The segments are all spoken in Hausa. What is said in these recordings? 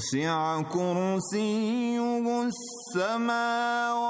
وسع كرسيه السماوات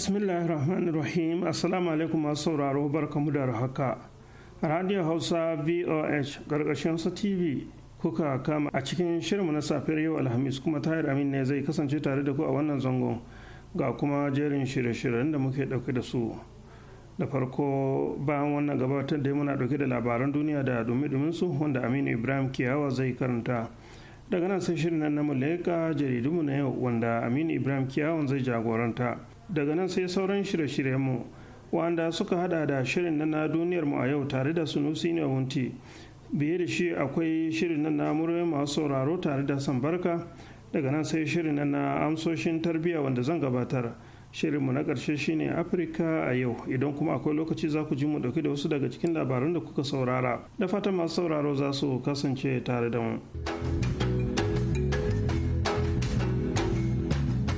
bismillahirrahmanirrahim assalamu alaikum masu sauraro barkamu da haka radio hausa voh karkashin sa tv kuka kama a cikin shirinmu na safiyar yau alhamis kuma tahir amin ne zai kasance tare da ku a wannan zangon ga kuma jerin shirye-shiryen da muke dauke da su da farko bayan wannan gabatar da muna dauke da labaran duniya da dumi su wanda aminu ibrahim kiyawa zai karanta daga nan sai shirin na na muleka jaridunmu na yau wanda aminu ibrahim kiyawan zai jagoranta daga nan sai sauran shirye-shiryenmu wanda suka hada da shirin na duniyar mu a yau tare da sunusi ne wunti biye da shi akwai shirin na muryoyin masu sauraro tare da sambarka daga nan sai shirin na amsoshin tarbiyya wanda zan gabatar shirinmu na ƙarshe shine afirka a yau idan kuma akwai lokaci za ku ji mu dauki da wasu daga cikin labaran da kuka saurara da fatan masu sauraro za su kasance tare da mu.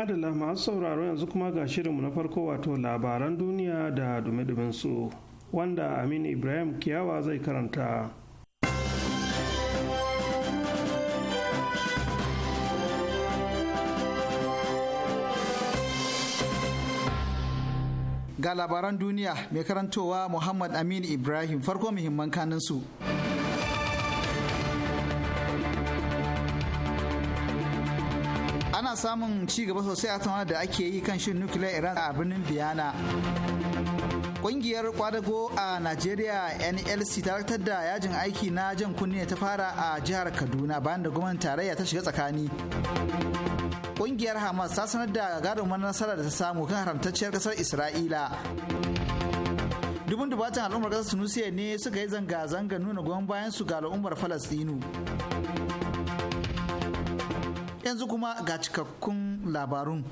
madalla masu sauraro yanzu kuma ga shirinmu na farko wato labaran duniya da dume su wanda Aminu Ibrahim Kiyawa zai karanta. Ga labaran duniya mai karantowa Muhammad Aminu Ibrahim farko muhimman kaninsu. su. ana samun ci gaba sosai a tsawon da ake yi kan shirin nuclear iran a birnin biyana Ƙungiyar kwadago a Najeriya NLC ta raktar da yajin aiki na jan kunne ta fara a jihar Kaduna bayan da gwamnatin tarayya ta shiga tsakani. Ƙungiyar Hamas ta sanar da gagarumar nasara da ta samu kan haramtacciyar kasar Isra'ila. Dubun dubatan al'ummar kasar Tunisia ne suka yi zanga-zanga nuna goyon bayan su ga al'ummar Falastinu. yanzu kuma ga cikakkun labarun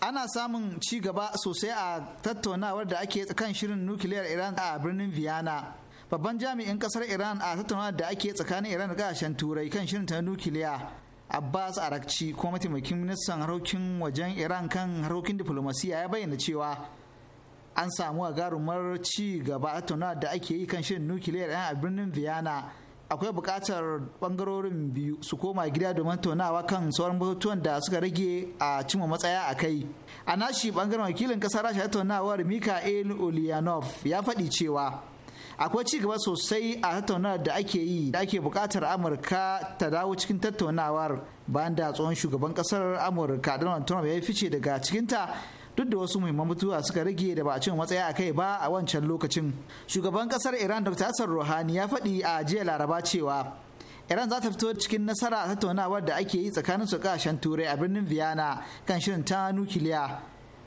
ana samun ci gaba sosai a tattaunawar da ake kan shirin nukiliyar iran a birnin viana babban jami'in kasar iran a tattaunawar da ake tsakanin iran da kasashen turai kan shirin ta nukiliya abbas arakci ko mataimakin ministan harkokin wajen iran kan harkokin diplomasiya ya bayyana cewa an samu a garumar ci gaba tattaunawar da ake yi kan shirin nukiliyar iran a birnin viana. akwai buƙatar ɓangarorin biyu su koma gida domin taunawa kan sauran batutuwan da suka rage a cimma matsaya a kai a nashi ɓangaren wakilin ƙasar rasha tattaunawar mikhail ulyanov ya faɗi cewa akwai ci gaba sosai a tattaunawar da ake yi da ake buƙatar amurka ta dawo cikin tattaunawar bayan da tsohon shugaban ƙasar amurka donald trump ya fice daga cikinta duk da wasu muhimman mutuwa suka rage da ba a cin matsaya a kai ba a wancan lokacin shugaban kasar iran dr hassan rouhani ya faɗi a jiya laraba cewa iran za ta fito cikin nasara a tattaunawar da ake yi tsakanin su kashen turai a birnin vienna kan shirin ta nukiliya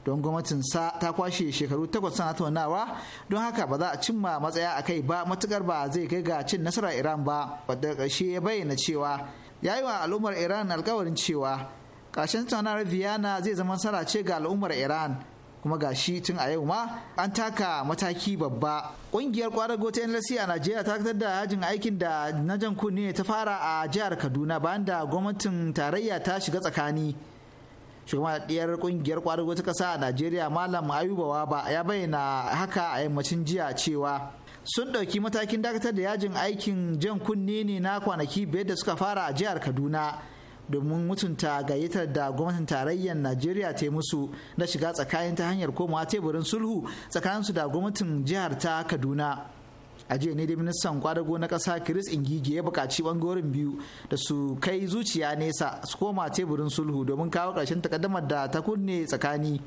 don gwamnatinsa ta kwashe shekaru takwas na tattaunawa don haka ba za a cimma matsaya a kai ba matukar ba zai kai ga cin nasara iran ba wadda ƙarshe ya bayyana cewa ya yi wa al'ummar iran alkawarin cewa kashin tsanar Vienna zai zama nasara ga al'ummar Iran kuma ga shi tun a yau ma an taka mataki babba ƙungiyar kwadago ta nlc a najeriya ta fitar da yajin aikin da na jan kunne ta fara a jihar kaduna bayan da gwamnatin tarayya ta shiga tsakani shugaban ɗiyar kungiyar kwadago ta kasa a najeriya malam ayubawa ba ya bayyana haka a yammacin jiya cewa sun ɗauki matakin dakatar da yajin aikin jan kunne ne na kwanaki biyar da suka fara a jihar kaduna domin mutunta gayyatar da gwamnatin tarayyar najeriya ta yi musu na shiga tsakanin ta hanyar komawa teburin sulhu tsakaninsu da gwamnatin jihar ta kaduna a jiya ne da ministan kwadago na kasa chris ingige ya bukaci bangorin biyu da su kai zuciya nesa su koma teburin sulhu domin kawo ƙarshen takaddamar da ta kunne tsakani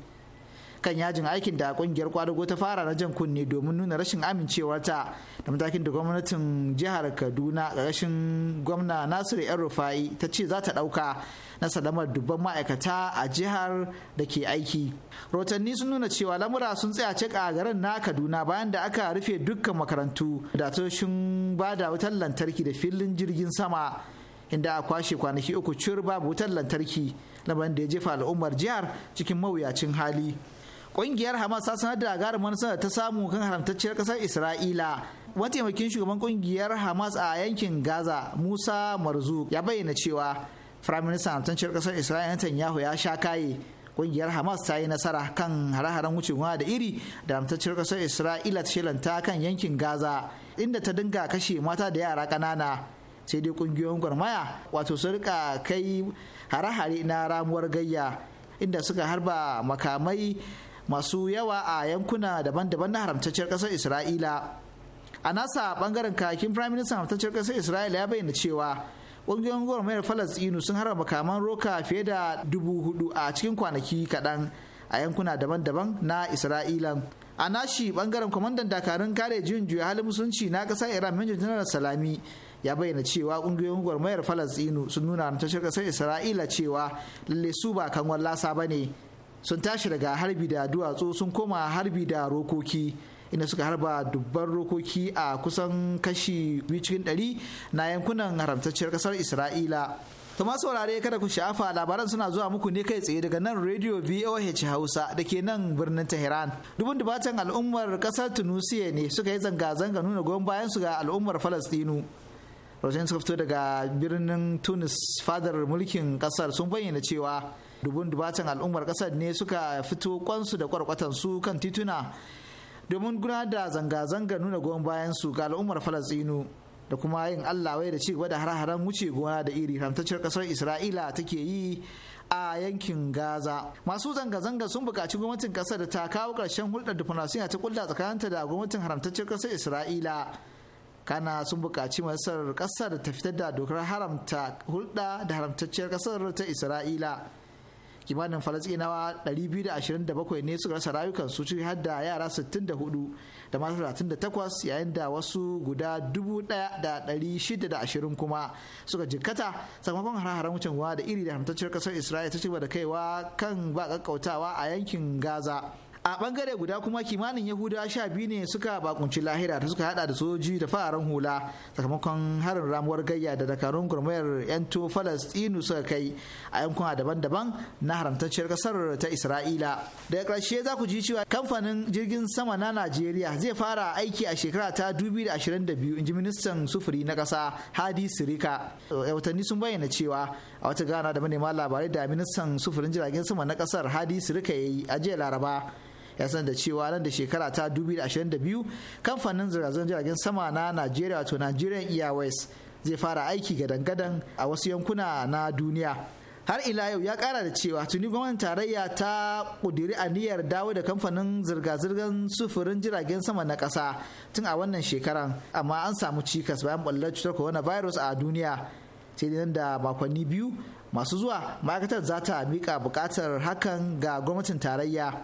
kan yajin aikin da kungiyar kwadago ta fara na jan kunne domin nuna rashin amincewarta da matakin da gwamnatin jihar kaduna ƙarƙashin gwamna nasiru yan rufa'i ta ce za ta ɗauka na salamar dubban ma'aikata a jihar da ke aiki rotanni sun nuna cewa lamura sun tsaya cik a garin na kaduna bayan da aka rufe dukkan makarantu da toshin ba da wutar lantarki da filin jirgin sama inda a kwashe kwanaki uku cur babu wutar lantarki lamarin da ya jefa al'ummar jihar cikin mawuyacin hali Ƙungiyar Hamas ta sanar da gagarumin sanar ta samu kan haramtacciyar kasar Isra'ila. Mataimakin shugaban ƙungiyar Hamas a yankin Gaza, Musa Marzu, ya bayyana cewa minister haramtacciyar ƙasar Isra'ila Netanyahu ya sha kaye. Ƙungiyar Hamas ta yi nasara kan hare-haren wucewa da iri da haramtacciyar kasar Isra'ila ta shelanta kan yankin Gaza, inda ta dinga kashe mata da yara kanana. sai dai kungiyoyin gwarmaya wato su rika kai hare-hare na ramuwar gayya inda suka harba makamai masu yawa a yankuna daban-daban na haramtacciyar ƙasar isra'ila a nasa bangaren kakin firayim ministan haramtacciyar ƙasar isra'ila ya bayyana cewa ƙungiyoyin gwamnatin falastinu sun harba makaman roka fiye da dubu hudu a cikin kwanaki kaɗan a yankuna daban-daban na isra'ila a nashi bangaren kwamandan dakarun kare juyin juya halin musulunci na ƙasar iran major general salami ya bayyana cewa kungiyoyin mayar falastinu sun nuna haramtacciyar kasar isra'ila cewa lalle su ba kan wallasa ba ne sun tashi daga harbi da duwatsu sun koma harbi da rokoki inda suka harba dubban rokoki a kusan kashi biyu cikin ɗari na yankunan haramtacciyar kasar isra'ila to masu saurare kada ku sha'afa labaran suna zuwa muku ne kai tsaye daga nan radio voh hausa da ke nan birnin tehran dubun dubatan al'ummar ƙasar tunisia ne suka yi zanga-zanga nuna goyon bayan su ga al'ummar falastinu rahoton suka fito daga birnin tunis fadar mulkin ƙasar sun bayyana cewa dubun dubatan al'ummar kasar ne suka fito kwansu da su kan tituna domin guna da zanga-zanga nuna goyon bayan su ga al'ummar falastinu da kuma yin allah wai da cigaba da har-haren wuce gona da iri haramtacciyar kasar isra'ila take yi a yankin gaza masu zanga-zanga sun buƙaci gwamnatin kasar da ta kawo ƙarshen hulɗar diflomasiya ta kulla tsakaninta da gwamnatin haramtacciyar kasar isra'ila kana sun buƙaci masar ƙasar ta fitar da dokar haramta hulɗa da haramtacciyar ƙasar ta isra'ila kimanin falasinawa 227 ne suka rasa rayukansu ciki har da yara 64 da masu 38 yayin da wasu guda 1,620 kuma suka jikkata sakamakon hare-haren wucin da iri da hamtacciyar kasar israel ta ci da kaiwa kan ba kakkautawa a yankin gaza a bangare guda kuma kimanin Yahuda sha biyu ne suka bakunci lahira da suka hada da soji da fararen hula sakamakon harin ramuwar gayya da dakarun gurmayar yanto falastinu suka kai a yankuna daban-daban na haramtacciyar kasar ta isra'ila daga ƙarshe za ku ji cewa kamfanin jirgin sama na najeriya zai fara aiki a shekara ta 2022 inji ministan sufuri na ƙasa hadi sirika watanni sun bayyana cewa a wata gana da manema labarai da ministan sufurin jiragen sama na ƙasar hadi sirika ya yi a jiya laraba ya sanar da cewa nan da shekara ta 2022 kamfanin zirga-zirgar jiragen sama na Najeriya to Nigerian Airways zai fara aiki gadan-gadan a wasu yankuna na duniya. har ila yau ya kara da cewa tuni gwamnatin tarayya ta kudiri aniyar dawo da kamfanin zirga-zirgar sufurin jiragen sama na ƙasa tun a wannan shekaran amma an samu cikas bayan ɓallar cutar coronavirus a duniya sai nan da makonni biyu masu zuwa ma'aikatar za ta miƙa buƙatar hakan ga gwamnatin tarayya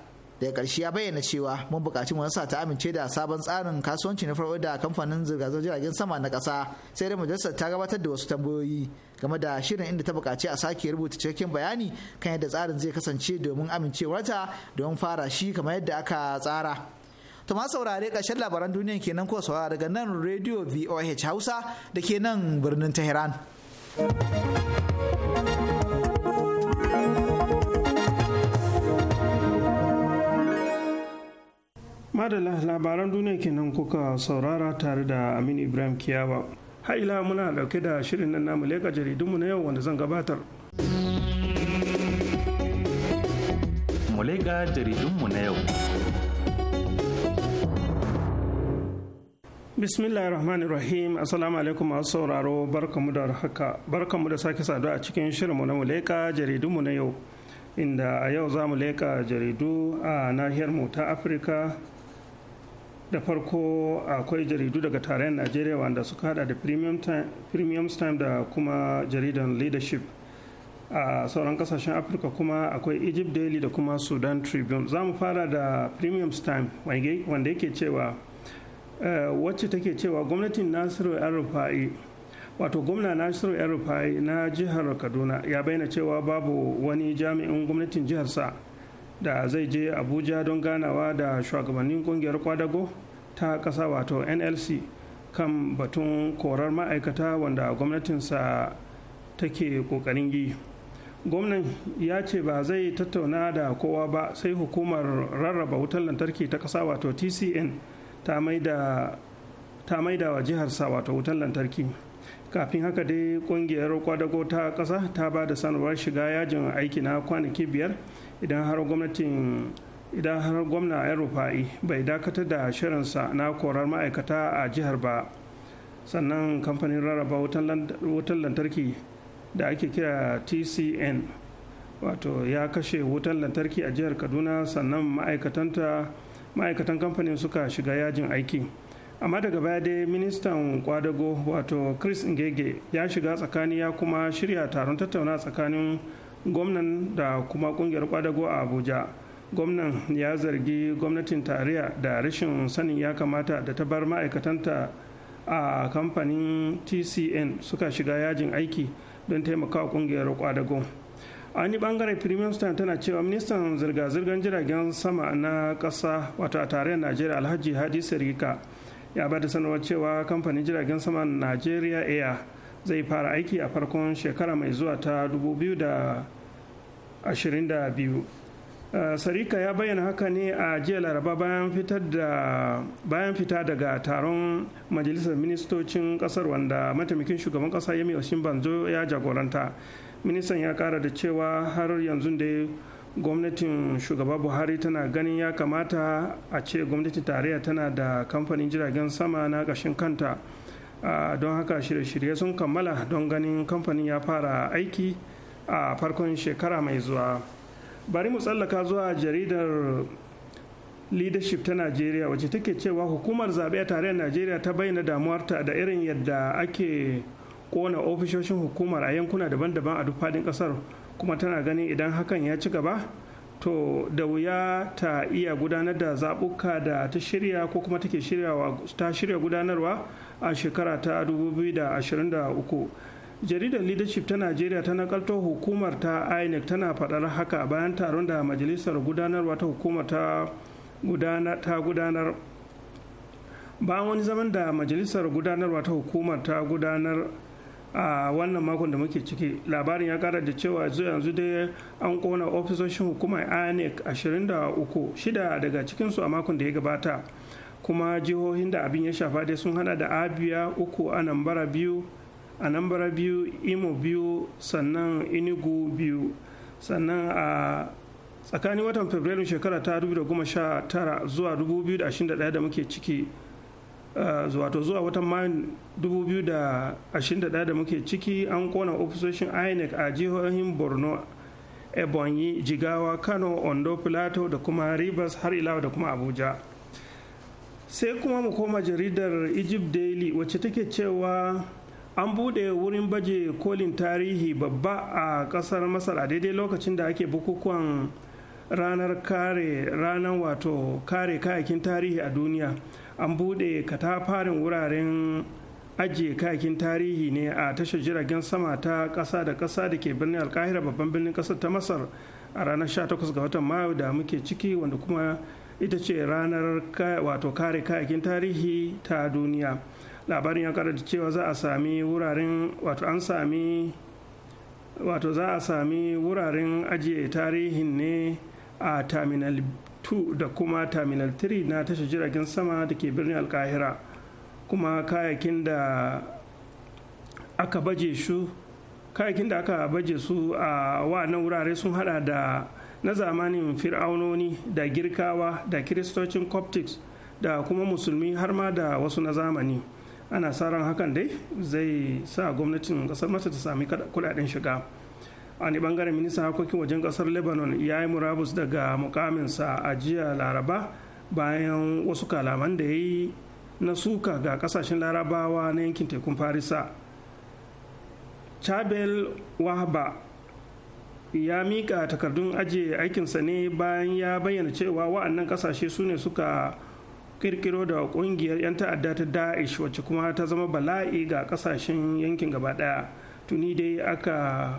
daga karshe ya bayyana cewa mun buƙaci majalisa ta amince da sabon tsarin kasuwanci na farko da kamfanin zirga-zirgar jiragen sama na ƙasa sai da majalisar ta gabatar da wasu tambayoyi game da shirin inda ta buƙaci a sake rubuta cikakken bayani kan yadda tsarin zai kasance domin amincewarta don fara shi kamar yadda aka tsara. To ma saurare ƙarshen labaran duniya kenan ko saurara daga nan rediyo VOH Hausa da ke nan birnin Tehran. madala labaran duniya kenan kuka saurara tare da amin ibrahim kiyawa Haila muna dauke da shirin nan namu leka jaridunmu na yau wanda zan gabatar muleka jaridunmu na yau rahim assalamu alaikum masu sauraro barkamu da haka barkamu da sake saduwa a cikin shirinmu na muleka jaridunmu na yau inda a yau za mu leka jaridu a nahiyar mu ta afirka da farko akwai jaridu daga tarayyar najeriya wanda suka hada da premium time da kuma jaridan leadership a sauran kasashen afirka kuma akwai egypt daily da kuma sudan tribune za mu fara da premium time wanda yake cewa eh, wacce take cewa gwamnatin nasiru yan rufa'i wato gwamna nasiru yan rufa'i na jihar kaduna ya bayyana cewa babu wani jami'in gwamnatin jihar sa? da zai je abuja don ganawa da shugabannin kungiyar kwadago ta ƙasa wato nlc kan batun korar ma'aikata wanda gwamnatinsa take ƙoƙarin yi gwamnan ya ce ba zai tattauna da kowa ba sai hukumar rarraba wutar lantarki ta kasa wato tcn ta maida wa jiharsa wato wutar lantarki kafin haka dai kungiyar kwadago ta ƙasa ta ba da sanarwar shiga yajin aiki na kwanaki biyar idan har gwamnatin idan har gwamna ya rufa'i bai dakatar da shirinsa na korar ma'aikata a jihar ba sannan kamfanin rarraba wutan lantarki da ake kira tcn wato ya kashe wutan lantarki a jihar kaduna sannan ma'aikatan kamfanin suka shiga yajin aiki amma daga baya dai ministan kwadago wato chris ngege ya shiga tsakani ya kuma shirya taron tattauna tsakanin gwamnan da kuma kungiyar kwadago a abuja gwamnan ya zargi gwamnatin tarayya da rashin sanin ya kamata da ta bar ma'aikatanta a kamfanin tcn suka shiga yajin aiki don taimakawa kungiyar kwadago a wani bangare premium tana cewa ministan zirga-zirgar jiragen sama na ƙasa wato a tarayyar najeriya alhaji hadi sirika ya bada sanarwar cewa kamfanin jiragen sama najeriya air zai fara aiki a farkon shekara mai zuwa ta 2022 uh, sarika ya bayyana haka ne a jiya laraba bayan fita daga taron majalisar ministocin kasar wanda mataimakin shugaban kasa yami oshin banzo ya jagoranta ministan ya kara da cewa har yanzu da gwamnatin shugaba buhari tana ganin ya kamata a ce gwamnatin tarayya tana da kamfanin jiragen sama na ƙashin kanta Ah, don haka shirye-shirye sun kammala don ganin kamfanin ya fara aiki a farkon shekara mai zuwa bari mu tsallaka zuwa jaridar leadership ta najeriya wacce take cewa hukumar zaɓe a tarayyar najeriya ta bayyana damuwarta da irin yadda ake kona ofishoshin hukumar a yankuna daban-daban a duk faɗin ƙasar kuma tana ganin idan hakan ya ci gaba to da wuya ta iya gudanar da zaɓuka da ta shirya ko kuma ta shirya gudanarwa a shekara ta 2023 jaridar leadership ta najeriya ta nakalto hukumar ta inec tana faɗar haka bayan taron da majalisar gudanarwa ta hukumar ta gudanar bayan wani zaman da majalisar gudanarwa ta hukumar ta gudanar a wannan makon da muke ciki labarin ya kara da cewa zuwa yanzu dai an kona ofisoshin hukumar inec 23 shida daga cikinsu a makon da ya gabata kuma jihohin da abin ya shafa dai sun hada da abia uku a nambara biyu a nambara biyu imo biyu sannan inugu biyu sannan a tsakanin watan fabrairun shekara ta 2019 zuwa 2021 da muke ciki wato zuwa watan mayun 2021 da muke ciki an kona ofisoshin inec a jihohin borno ebonyi jigawa kano ondo plateau da kuma rivers har ilawa da kuma abuja sai kuma mu koma jaridar egypt daily wacce take cewa an bude wurin baje kolin tarihi babba a kasar masar a daidai lokacin da ake bukukuwan ranar kare ranar wato kare kayakin tarihi a duniya an bude katafarin wuraren ajiye kayakin tarihi ne a tashar jiragen sama ta kasa da kasa da ke birnin alkahira babban birnin kasar ta masar a ranar 18 ga watan mayu da muke ciki wanda kuma ita ce ranar wato kare kayakin tarihi ta duniya labarin ya da cewa za a sami wuraren wato an sami wato za a sami wuraren ajiye tarihin ne a terminal 2 da kuma terminal 3 na tashar jiragen sama da ke birnin alkahira kuma kayakin da aka baje su kayakin da aka baje su a wa'annan wurare sun hada da na zamanin fir'aunoni da girkawa da kiristocin coptics da kuma musulmi har ma da wasu na zamani ana sa ran hakan dai zai sa gwamnatin kasar masa ta sami kuɗaɗen shiga a ne bangaren ministan harkokin wajen kasar lebanon ya yi murabus daga mukaminsa a jiya laraba bayan wasu kalaman da ya yi na suka ga kasashen larabawa na yankin tekun farisa chabel wahba ya mika takardun ajiye aikinsa ne bayan ya bayyana cewa wa'annan kasashe su ne suka kirkiro da kungiyar 'yan ta'adda ta da'ish wacce kuma ta zama bala'i ga kasashen yankin gaba daya tuni dai aka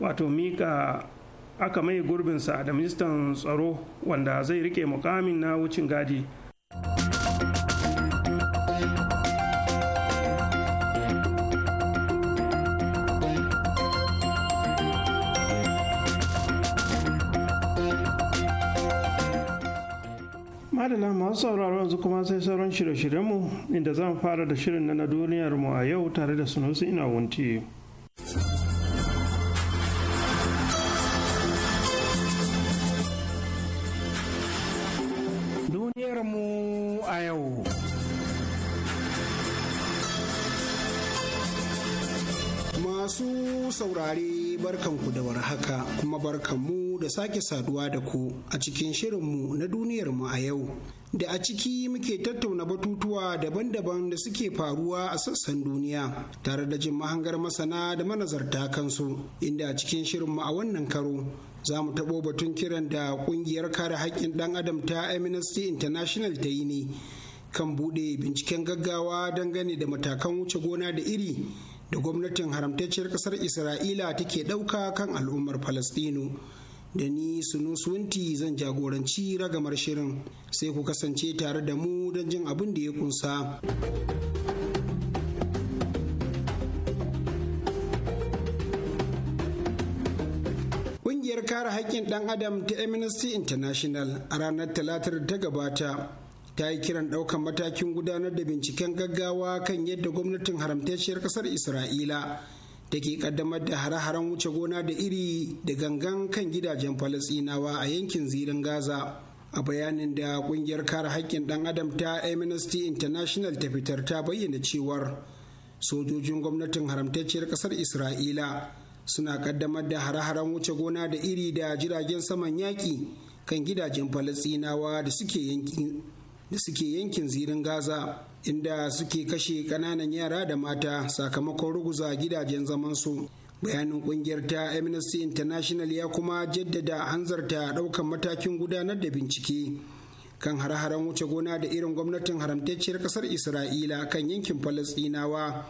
wato mika aka mai gurbinsa da ministan tsaro wanda zai rike mukamin na wucin gadi. madala masu sauraro yanzu kuma sai sauran shirye-shiryenmu inda zan fara da shirin na duniyar mu a yau tare da sunusi ina wunti. saurare barkanku da warhaka kuma barkanmu da sake saduwa da ku a cikin shirin mu na duniyarmu a yau. da a ciki muke tattauna batutuwa daban-daban da suke faruwa a sassan duniya tare da jin mahangar masana da manazarta kansu inda a cikin shirinmu a wannan karo za mu taɓo batun kiran da ƙungiyar kare haƙƙin ɗan adam ta amnesty international ta yi ne kan buɗe binciken gaggawa dangane da matakan wuce gona da iri da gwamnatin haramtacciyar kasar isra'ila take ɗauka kan al'ummar falastinu da ni sunusunti suwinti zan jagoranci ragamar shirin sai ku kasance tare da mu don jin abin da ya kunsa. Ƙungiyar kare haƙƙin ɗan adam ta Amnesty International a ranar talatar ta gabata ta yi kiran ɗaukan matakin gudanar da binciken gaggawa kan yadda gwamnatin haramtacciyar ƙasar isra'ila da ke kaddamar da hare-haren wuce gona da iri da gangan kan gidajen falasinawa a yankin zirin gaza a bayanin da kungiyar kare haƙƙin ɗan adam ta amnesty international ta fitar ta bayyana cewar sojojin gwamnatin haramtacciyar ƙasar isra'ila suna kaddamar da hare-haren wuce gona da iri da jiragen saman yaƙi kan gidajen falasinawa da suke yankin da suke yankin zirin Gaza inda suke kashe kananan yara da mata sakamakon ruguza gidajen zamansu. bayanin kungiyar ta amnesty international ya kuma jaddada hanzarta daukan matakin gudanar da bincike kan hare wuce gona da irin gwamnatin haramtacciyar kasar isra'ila kan yankin falasdinawa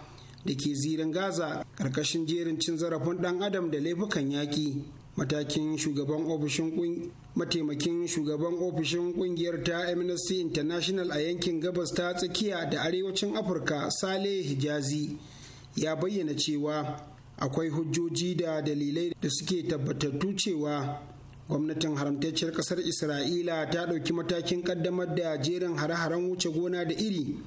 da ke zirin gaza karkashin jerin cin zarafin dan adam da laifukan yaƙi matakin shugaban ofishin mataimakin shugaban ofishin kungiyar ta amnesty international a yankin gabas ta tsakiya da arewacin afirka saleh hijazi ya bayyana cewa akwai hujjoji da dalilai da suke tabbatattu cewa gwamnatin haramtacciyar kasar isra'ila ta ɗauki matakin ƙaddamar da jerin hare-haren wuce gona da iri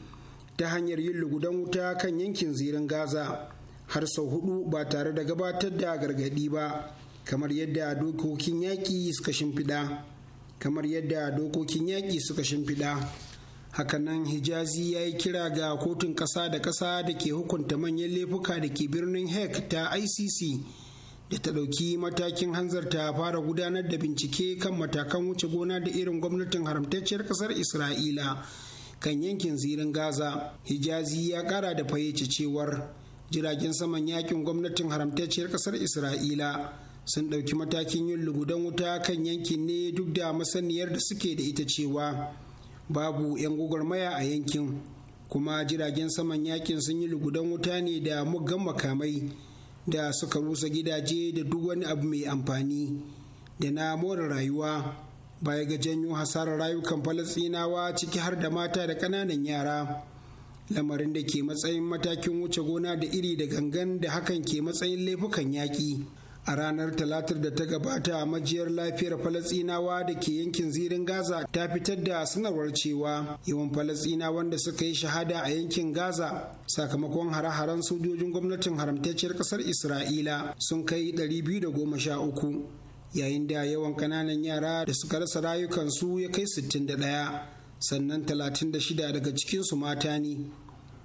ta hanyar yin lugudan wuta kan yankin zirin gaza har sau hudu ba tare da gabatar da gargaɗi ba kamar yadda dokokin yaƙi suka shimfiɗa kamar yadda dokokin yaƙi suka shimfiɗa hakanan hijazi ya yi kira ga kotun ƙasa da ƙasa da ke hukunta manyan laifuka da ke birnin hek ta icc da ta ɗauki matakin hanzarta fara gudanar da bincike kan matakan wuce gona da irin gwamnatin haramtacciyar ƙasar isra'ila kan yankin zirin gaza hijazi ya ƙara da fayyace cewar jiragen saman yakin gwamnatin haramtacciyar ƙasar isra'ila sun ɗauki matakin yin lugudan wuta kan yankin ne duk da masaniyar da suke da ita cewa babu 'yan gwagwarmaya a yankin kuma jiragen saman yakin sun yi lugudan wuta ne da muggan makamai da suka rusa gidaje da duk wani abu mai amfani da na more rayuwa baya ga janyo hasarar rayukan falasinawa ciki har da mata da ƙananan yara lamarin da ke matsayin matakin wuce gona da iri da gangan da hakan ke matsayin laifukan yaƙi a ranar talatar da ta gabata a majiyar lafiyar falasinawa da ke yankin zirin gaza ta fitar da sanarwar cewa yawan falasina wanda suka yi shahada a yankin gaza sakamakon hare-haren sojojin gwamnatin haramtacciyar kasar isra'ila sun kai 213 yayin da yawan kananan yara da suka rasa rayukansu ya kai 61 sannan 36 daga cikinsu mata ne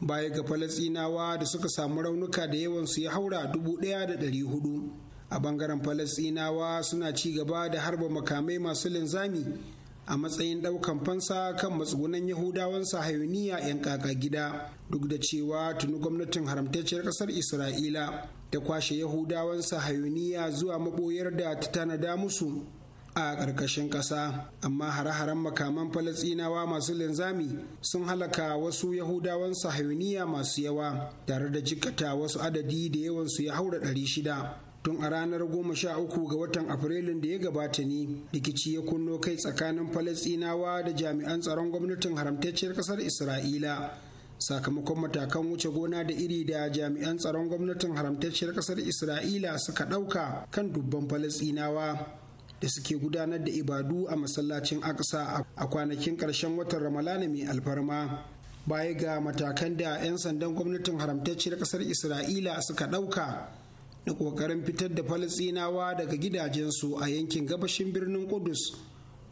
baya ga falasinawa da suka samu raunuka da yawansu ya haura 1400 a bangaren falasinawa suna ci gaba da harba makamai masu linzami a matsayin ɗaukan fansa kan matsugunan yahudawan sahayuniya 'yan kaka gida duk da cewa tuni gwamnatin haramtacciyar ƙasar isra'ila ta kwashe yahudawan sahayuniya zuwa maboyar da ta tanada musu a ƙarƙashin ƙasa amma hare-haren makaman falasinawa masu linzami sun halaka wasu yahudawan sahayuniya masu yawa tare da jikata wasu adadi da yawansu ya haura ɗari shida. tun a ranar goma sha uku ga watan afrilun da ya gabata ne rikici ya kunno kai tsakanin falasinawa da jami'an tsaron gwamnatin haramtacciyar kasar isra'ila sakamakon matakan wuce gona da iri da jami'an tsaron gwamnatin haramtacciyar kasar isra'ila suka ɗauka kan dubban falasinawa da suke gudanar da ibadu a masallacin aksa a kwanakin ƙarshen watan ramalana mai alfarma baya ga matakan da 'yan sandan gwamnatin haramtacciyar ƙasar isra'ila suka ɗauka da ƙoƙarin fitar da falisinawa daga gidajensu a yankin gabashin birnin kudus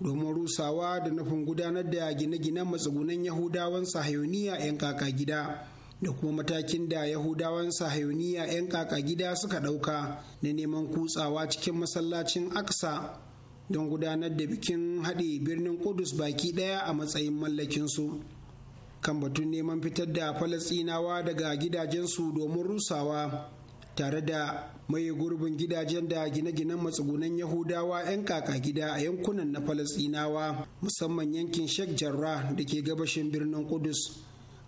domin rusawa da nufin gudanar da gine-ginen matsugunan yahudawan sahayoniya 'yan kaka gida da kuma matakin da yahudawan sahayoniya 'yan kaka gida suka ɗauka na neman kutsawa cikin masallacin aksa don gudanar da bikin haɗe birnin kudus baki ɗaya a matsayin mallakinsu kan batun neman fitar da falasinawa daga gidajensu domin rusawa tare da mai gurbin gidajen da gine-ginen matsugunan yahudawa 'yan kaka gida a yankunan na falasinawa musamman yankin sheikh jarrah da ke gabashin birnin kudus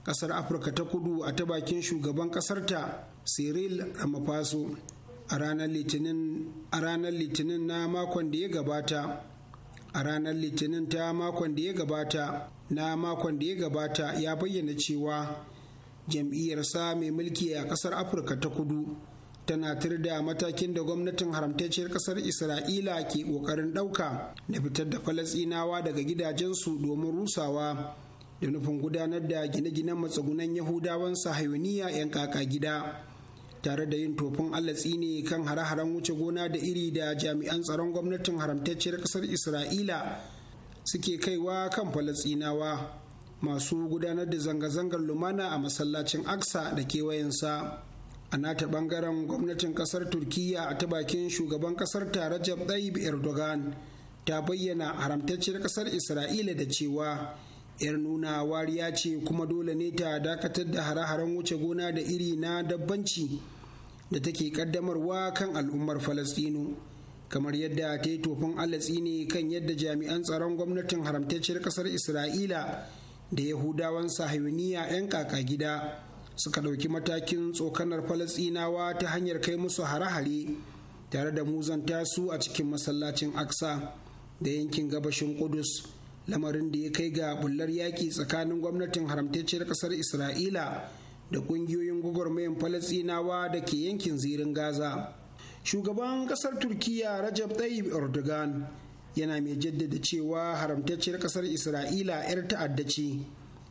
kasar afirka ta kudu a ta bakin shugaban kasarta cyril ramaphosa a ranar litinin na makon da ya gabata a ranar litinin ta makon da ya gabata na makon da ya gabata ya bayyana cewa jam'iyyarsa mai mulki a kasar afirka ta kudu tanatar da matakin da gwamnatin haramtacciyar kasar isra'ila ke kokarin ɗauka na fitar da falasinawa daga gidajensu domin rusawa da nufin gudanar da gine-ginen matsugunan yahudawan sahayoniya 'yan kaka gida tare da yin tofin allatsi ne kan hare-haren wuce gona da iri da jami'an tsaron gwamnatin haramtacciyar kasar isra'ila suke kaiwa kan falasinawa masu gudanar da zanga-zangar lumana a masallacin aksa da kewayensa a nata bangaren gwamnatin kasar turkiya a ta bakin shugaban kasar ta rajab tayyip erdogan ta bayyana haramtacciyar kasar isra'ila da cewa yar nuna wariya ce kuma dole ne ta dakatar da hare-haren wuce gona da iri na dabbanci da take kaddamarwa kan al'ummar falastinu kamar yadda ta yi tofin allatsi ne kan yadda jami'an tsaron gwamnatin haramtacciyar kasar isra'ila da yahudawan sahayuniya 'yan kaka gida suka ɗauki matakin tsokanar falasinawa ta hanyar kai musu hare-hare tare da muzanta su a cikin masallacin aksa da yankin gabashin kudus lamarin da ya kai ga bullar yaƙi tsakanin gwamnatin haramtacciyar ƙasar isra'ila da ƙungiyoyin gwagwarmayan falasinawa da ke yankin zirin gaza shugaban ƙasar turkiya rajab tayyip erdogan yana mai jaddada cewa haramtacciyar ƙasar isra'ila 'yar ta'adda ce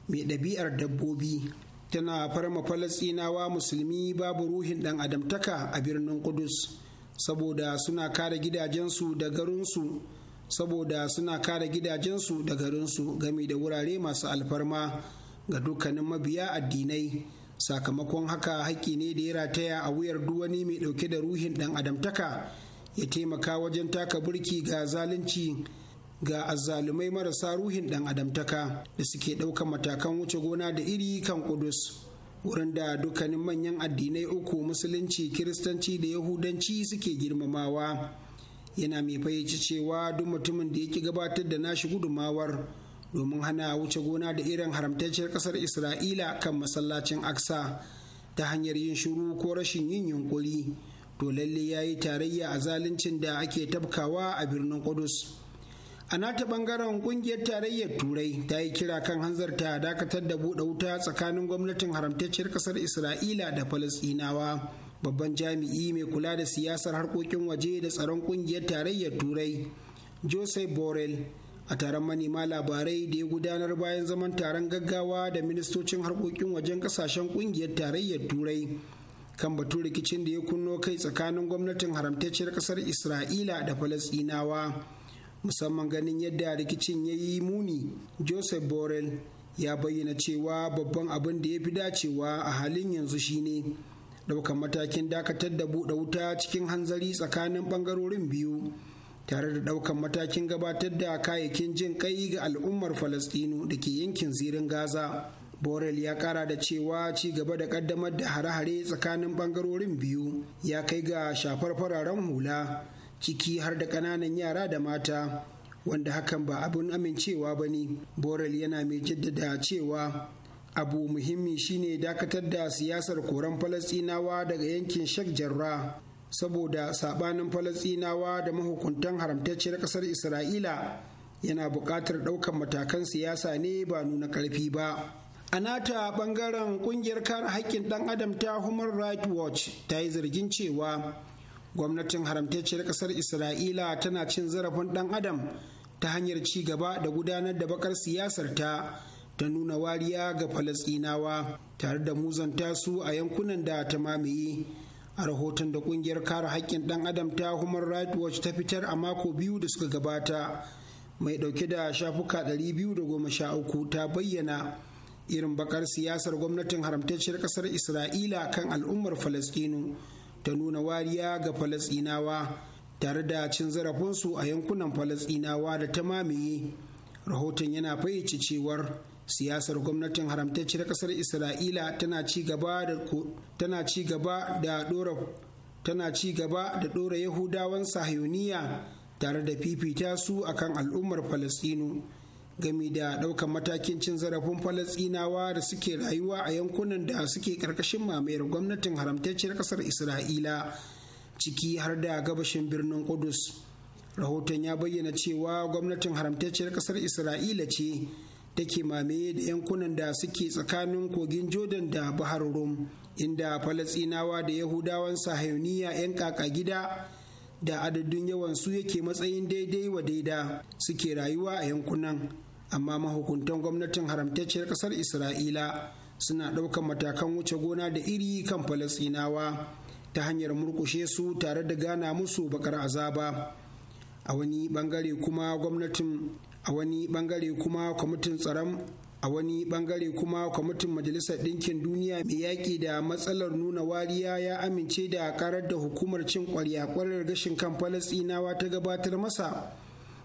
mai ɗabi'ar dabbobi tana farma falasinawa musulmi babu ruhin dan adamtaka a birnin kudus saboda suna kare gidajensu da garinsu saboda suna kare gidajensu da garinsu game da wurare masu alfarma ga dukkanin mabiya addinai sakamakon haka haƙƙi ne da ya rataya a wuyar duwani mai ɗauke da ruhin ɗan adamtaka ya taimaka wajen taka burki ga zalunci ga azzalumai marasa ruhin ɗan adamtaka da suke ɗaukar matakan wuce gona da iri kan kudus wurin da dukkanin manyan addinai uku musulunci kiristanci da yahudanci suke girmamawa yana mai fahimci cewa duk mutumin da yake gabatar da nashi gudumawar domin hana wuce gona da irin haramtacciyar ƙasar isra'ila kan masallacin aksa ta hanyar yin shiru ko rashin yin yunkuri to lalle ya yi tarayya a zaluncin da ake tabkawa a birnin kudus a nata bangaren kungiyar tarayyar turai ta yi kira kan hanzarta dakatar da buɗe wuta tsakanin gwamnatin haramtacciyar ƙasar isra'ila da falasɗinawa babban jami'i mai kula da siyasar harkokin waje da tsaron kungiyar tarayyar turai joseph borrell a taron manema labarai da ya gudanar bayan zaman taron gaggawa da ministocin harkokin wajen kasashen kungiyar tarayyar turai kan batun rikicin da ya kunno kai tsakanin gwamnatin haramtacciyar ƙasar isra'ila da falasɗinawa musamman ganin yadda rikicin ya yi muni joseph borrell ya bayyana cewa babban abin da ya fi dacewa a halin yanzu shine ɗaukar matakin dakatar da buɗe wuta cikin hanzari tsakanin ɓangarorin biyu tare da ɗaukar matakin gabatar da kayayyakin jin kai ga al'ummar falastinu da ke yankin zirin gaza borel ya ƙara da cewa ci gaba da ƙaddamar da hare-hare tsakanin ɓangarorin biyu ya kai ga shafar fararen hula ciki har da ƙananan yara da mata wanda hakan ba abin amincewa ba ne borel yana mai jaddada cewa abu muhimmi shine dakatar da siyasar koran falasinawa daga yankin shek jarra saboda sabanin falasinawa da mahukuntan haramtacciyar ƙasar isra'ila yana buƙatar ɗaukar matakan siyasa ne ba nuna ƙarfi ba A nata ɓangaren ƙungiyar kare haƙƙin ɗan adam ta Human Rights Watch ta yi zargin cewa gwamnatin haramtacciyar ƙasar isra'ila tana cin zarafin ɗan adam ta hanyar ci gaba da gudanar da bakar siyasar ta ta nuna wariya ga falasinawa tare da muzanta su a yankunan da ta mamaye a rahoton da kungiyar kare haƙƙin ɗan adam ta human rights watch ta fitar a mako biyu da suka gabata mai ɗauke da shafuka ɗari biyu da goma sha uku ta bayyana irin bakar siyasar gwamnatin haramtacciyar ƙasar isra'ila kan al'ummar falasɗinu ta nuna wariya ga falasinawa tare da cin zarafinsu a yankunan falasinawa da ta mamaye rahoton yana fayyace cewar siyasar gwamnatin haramtacciyar kasar isra'ila tana ci gaba da ɗora dora tana ci gaba da dora yahudawan sahiyoniya tare da fifita su akan al'ummar falasinu gami da ɗaukar matakin cin zarafin falasɗinawa da suke rayuwa a yankunan da suke ƙarƙashin mamayar gwamnatin haramtacciyar ƙasar isra'ila ciki har da gabashin birnin kudus rahoton ya bayyana cewa gwamnatin haramtacciyar ƙasar isra'ila ce take mamaye da yankunan da suke tsakanin kogin jordan da bahar rum inda falasɗinawa da yahudawan sahayuniya 'yan kaka gida da adadin yawan su yake matsayin daidai wa daida suke rayuwa a yankunan amma mahukuntan gwamnatin haramtacciyar ƙasar isra'ila suna ɗaukar matakan wuce gona da iri kan falasinawa ta hanyar murkushe su tare da gana musu bakar azaba a wani bangare kuma gwamnatin a wani bangare kuma kwamitin tsaron a wani bangare kuma kwamitin majalisar ɗinkin duniya mai yaƙi da matsalar nuna wariya ya amince da karar da hukumar cin ƙwarya ƙwarar gashin kan falasɗinawa ta gabatar masa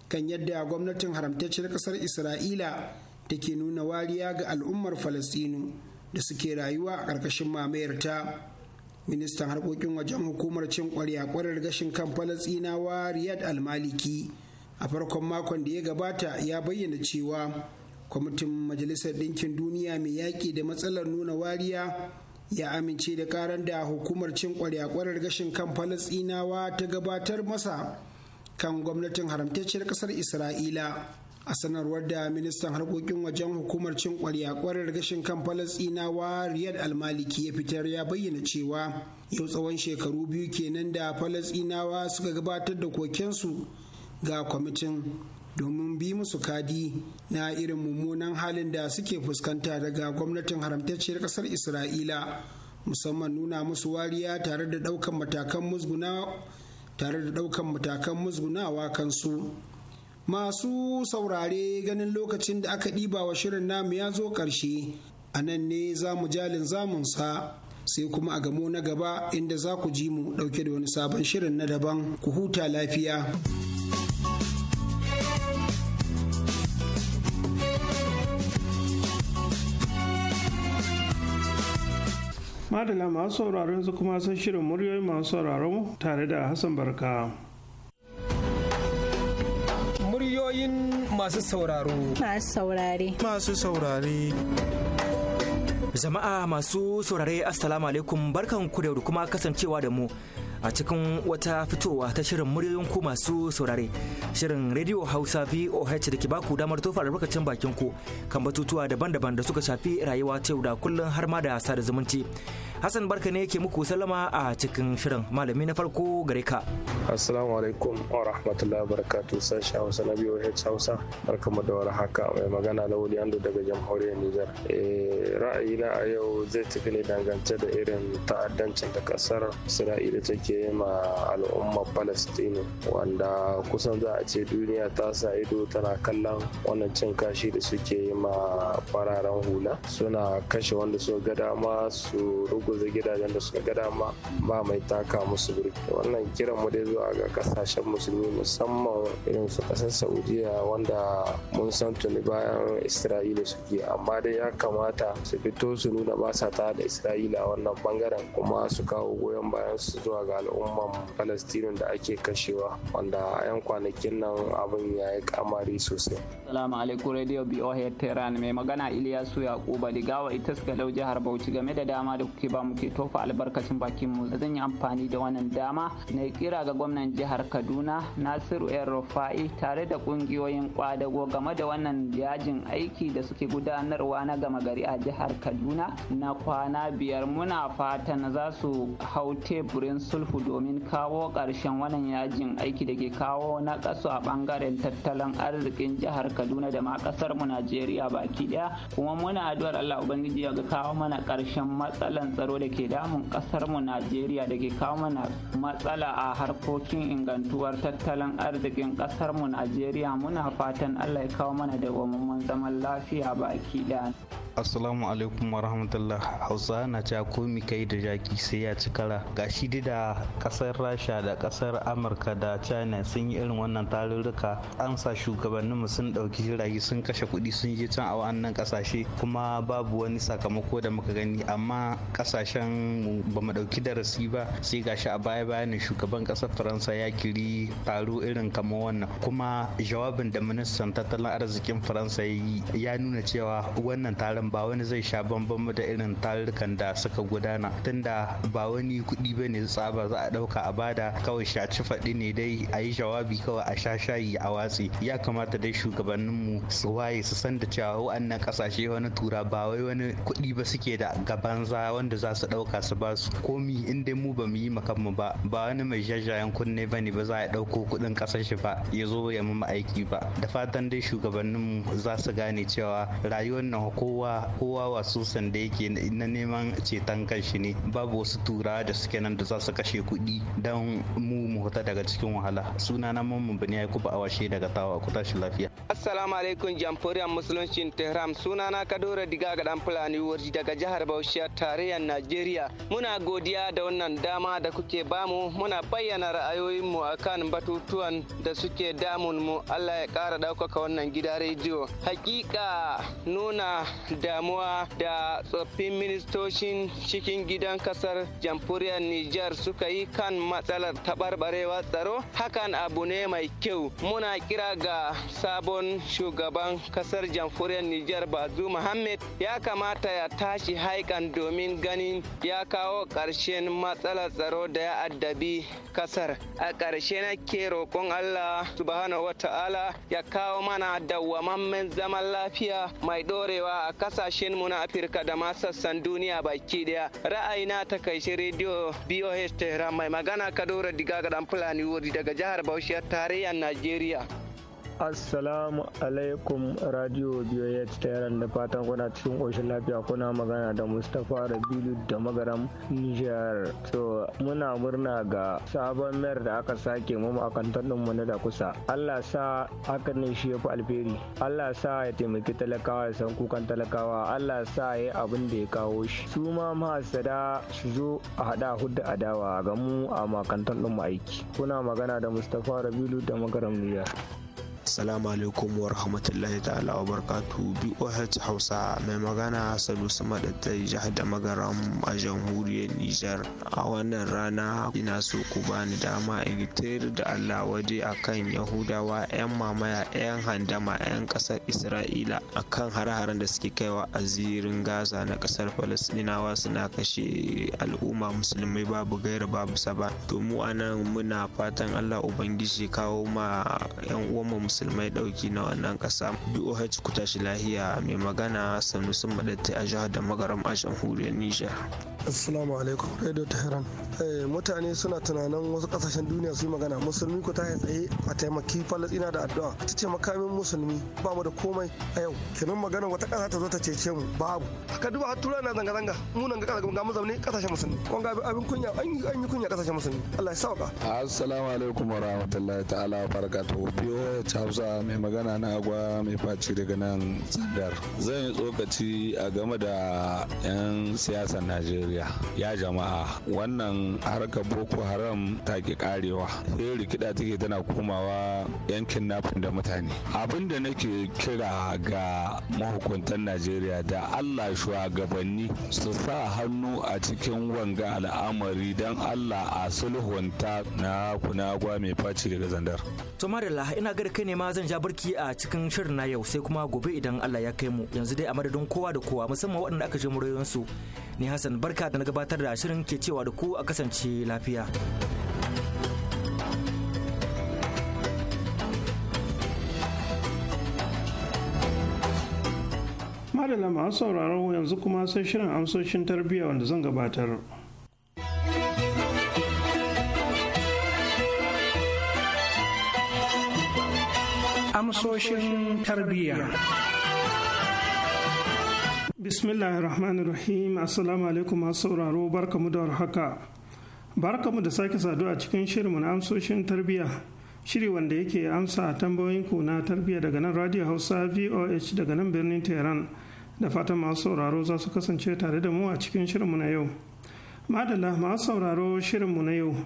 kan yadda gwamnatin haramtacciyar ƙasar isra'ila da ke nuna wariya ga al'ummar falasɗinu da suke rayuwa a ƙarƙashin mamayarta ministan harkokin wajen hukumar cin ƙwarya ƙwarar gashin kan falasɗinawa riyad almaliki a farkon makon da ya gabata ya bayyana cewa kwamitin majalisar ɗinkin duniya mai yaƙi da matsalar nuna wariya ya amince da karar da hukumar cin kwaryakwarar gashin kan Falasinawa ta gabatar masa kan gwamnatin haramtacciyar ƙasar isra'ila a sanarwar da ministan harkokin wajen hukumar cin kwaryakwarar gashin kan Falasinawa riyad almaliki ya fitar ya bayyana cewa yau tsawon shekaru biyu kenan da Falasinawa suka gabatar da kokensu ga kwamitin domin bi musu kadi na irin mummunan halin da suke fuskanta daga gwamnatin haramtacciyar kasar isra'ila musamman nuna musu wariya tare da daukan matakan musguna tare da daukan matakan musgunawa kansu masu saurare ganin lokacin da aka ɗiba wa shirin namu ya zo ƙarshe a nan ne za mu jalin zamunsa sai kuma a gamo na gaba inda za ku ji mu ɗauke da wani sabon shirin na daban ku huta lafiya. madala masu sauraro yanzu kuma sun shirin muryoyin masu sauraro tare da hassan barka muryoyin masu sauraro masu saurare masu saurare jama'a masu saurare assalamu alaikum barkan ku da kuma kasancewa da mu a cikin wata fitowa ta shirin muryoyin ku masu saurare shirin rediyo hausa voh da ke baku damar tofa albarkacin bakin ku kan batutuwa daban-daban da suka shafi rayuwa ta yau da kullum har ma da sada zumunci Hassan barka ne yake muku salama a cikin shirin malami na farko gare ka. Assalamu alaikum wa rahmatullahi barakatu sashi Hausa na biyu Hausa barkamu da warhaka mai magana da wuli ando daga jamhuriyar Nijar. Eh, na a yau zai tafi ne dangance da irin ta'addancin da kasar Isra'ila take yi ma al'ummar Palestine wanda kusan za a ce duniya ta sa ido tana kallon wannan cin kashi da suke yi ma fararen hula suna kashe wanda su ga dama su rugu da gidajen da suka ga dama ba mai taka musu birki wannan kiran mu dai zuwa ga kasashen musulmi musamman irin su kasar saudiya wanda mun san tuni bayan isra'ila suke amma dai ya kamata su fito su nuna ba sa ta da isra'ila a wannan bangaren kuma su kawo goyon bayan su zuwa ga al'umman palestinin da ake kashewa wanda a yan kwanakin nan abin ya yi kamari sosai salamu alaikum radio boh tehran mai magana iliyasu yakuba digawa ita suka lau jihar bauchi game da dama da kuke ba muke tofa albarkacin bakin mu zan yi amfani da wannan dama na kira ga gwamnan jihar Kaduna Nasiru yan Rufa'i tare da kungiyoyin kwadago game da wannan yajin aiki da suke gudanarwa na gama gari a jihar Kaduna na kwana biyar muna fatan za su hau teburin sulhu domin kawo ƙarshen wannan yajin aiki da ke kawo na kasu a bangaren tattalin arzikin jihar Kaduna da ma kasar mu Najeriya baki ɗaya. kuma muna addu'ar Allah ubangiji ya ga kawo mana ƙarshen matsalan tsaro tsaro da ke damun kasar mu Najeriya da ke kawo mana matsala a harkokin ingantuwar tattalin arzikin kasar mu Najeriya muna fatan Allah ya kawo mana da zaman lafiya baki daya. assalamu alaikum warahmatullah hausa na ca komi kai da jaki sai ya ci kara ga shi da kasar rasha da kasar amurka da china sun yi irin wannan tarurruka an sa shugabanninmu sun ɗauki jirage sun kashe kuɗi sun je can a wannan kasashe kuma babu wani sakamako da muka gani amma kasashen ba mu ɗauki darasi ba sai ga gashi a baya bayanin shugaban kasar faransa ya kiri taro irin kamar wannan kuma jawabin da ministan tattalin arzikin faransa ya ya nuna cewa wannan taron ba wani zai sha bambam da irin tarukan da suka gudana tunda ba wani kuɗi ba ne tsaba za a ɗauka a bada kawai shaci faɗi ne dai a yi jawabi kawai a sha shayi a watsi ya kamata dai shugabanninmu su waye su san da cewa wa'annan ƙasashe wani tura ba wai wani kuɗi ba suke da gabanza wanda za su ɗauka su ba su komi in dai mu ba mu yi mu ba ba wani mai jajayen kunne ba ne ba za a ɗauko kuɗin ƙasar ba ya zo ya mu aiki ba da fatan dai shugabanninmu za su gane cewa rayuwar nan kowa kowa wasu sanda yake na neman ceton kanshi ne babu wasu tura da suke nan da za su kashe kuɗi don mu mu huta daga cikin wahala suna na mamman bani ya kuba awashe daga tawa ku tashi lafiya assalamu alaikum jamhuriyar musuluncin tehran suna na kadora diga ga dan fulani warji daga jihar bauchi tarayyar najeriya muna godiya da wannan dama da kuke bamu muna bayyana ra'ayoyinmu akan batutuwan da suke damun mu allah ya kara ɗaukaka wannan gida rediyo hakika nuna damuwa da tsoffin ministocin cikin gidan kasar jamhuriyar Nijar suka yi kan matsalar taɓarɓarewar tsaro hakan abu ne mai kyau muna kira ga sabon shugaban kasar jamhuriyar Nijar Bazu Muhammad ya kamata ya tashi haikan domin ganin ya kawo ƙarshen matsalar tsaro da ya addabi kasar a ƙarshe na ke roƙon Allah subhanahu wata'ala ya kawo mana dawwamammen zaman lafiya mai ɗorewa a kasashen mu na Afirka da ma sassan duniya baki daya. Ra'ayina ta kai rediyo BOH Tehran mai magana kadora Diga ga Fulani Wuri daga jihar Bauchi tarayyar Najeriya. Assalamu alaikum radio BOH ta yaran da fatan kuna cikin ƙoshin lafiya kuna magana da Mustapha Rabilu da magaram Niger. So muna murna ga sabon mayar da aka sake mu a kantar mu na da kusa. Allah sa hakan ne shi ya fi alheri. Allah sa ya taimaki talakawa ya san kukan talakawa. Allah sa ya yi abin da ya kawo shi. Su ma mahasada su zo a haɗa hudda adawa ga mu a makantar mu aiki. Kuna magana da Mustapha Rabilu da magaram Niger. Assalamu alaikum wa rahmatullahi ta'ala wa barkatu BOH Hausa mai magana Sadu Sama da ta jihar da magaram a jamhuriyar Nijar. A wannan rana ina so ku bani dama in tayar da Allah waje akan Yahudawa 'yan mamaya 'yan handama 'yan ƙasar Isra'ila akan hare-haren da suke kaiwa a zirin Gaza na ƙasar Falasɗinawa suna kashe al'umma musulmai babu gaira babu saba. To mu anan muna fatan Allah Ubangiji kawo ma 'yan mu musulmai dauki na wannan kasa boh ku tashi lahiya mai magana sun madatta a jihar da magaram a jamhuriyar nijar assalamu alaikum radio tehran eh, mutane suna tunanin wasu kasashen duniya su yi magana musulmi ku ta tsaye a taimaki falasina da addu'a ta ce makamin musulmi ba mu da komai a yau kenan magana wata kasa ta zo ta cece mu babu haka duba har turai na zanga-zanga mu nan ga ga mu zaune kasashen musulmi kun ga abin kunya an yi an yi kunya kasashen musulmi Allah ya sauka assalamu alaikum wa rahmatullahi ta'ala wa barakatuhu biyo ta hausa mai magana na agwa mai faci daga nan tsandar zan yi tsokaci a game da 'yan siyasar najeriya ya jama'a wannan harkar boko haram ta ke karewa sai rikida take tana komawa yankin nafin da mutane abin da nake kira ga mahukuntan najeriya da allah shugabanni su sa hannu a cikin wanga al'amari don allah a sulhunta na kunagwa mai faci daga zandar to ina ga kai ne ma zan ja burki a cikin shirin na yau sai kuma gobe idan Allah ya kai mu yanzu dai a madadin kowa da kowa musamman waɗanda aka je murayensu ni Hassan barka da na gabatar da shirin ke cewa da ku a kasance lafiya. malama masu sauraro yanzu kuma sai shirin amsoshin tarbiyya wanda zan gabatar. amsoshin tarbiyya. ar-rahim Assalamu alaikum masu sauraro barkamu da warhaka. Barkamu da sake saduwa a cikin shirin na amsoshin tarbiyya. Shiri wanda yake amsa a tambayoyin na tarbiyya daga nan Radio Hausa VOH daga nan birnin Tehran. Da fatan masu sauraro za su kasance tare da mu a cikin shirinmu na yau. Madalla masu sauraro shirinmu na yau.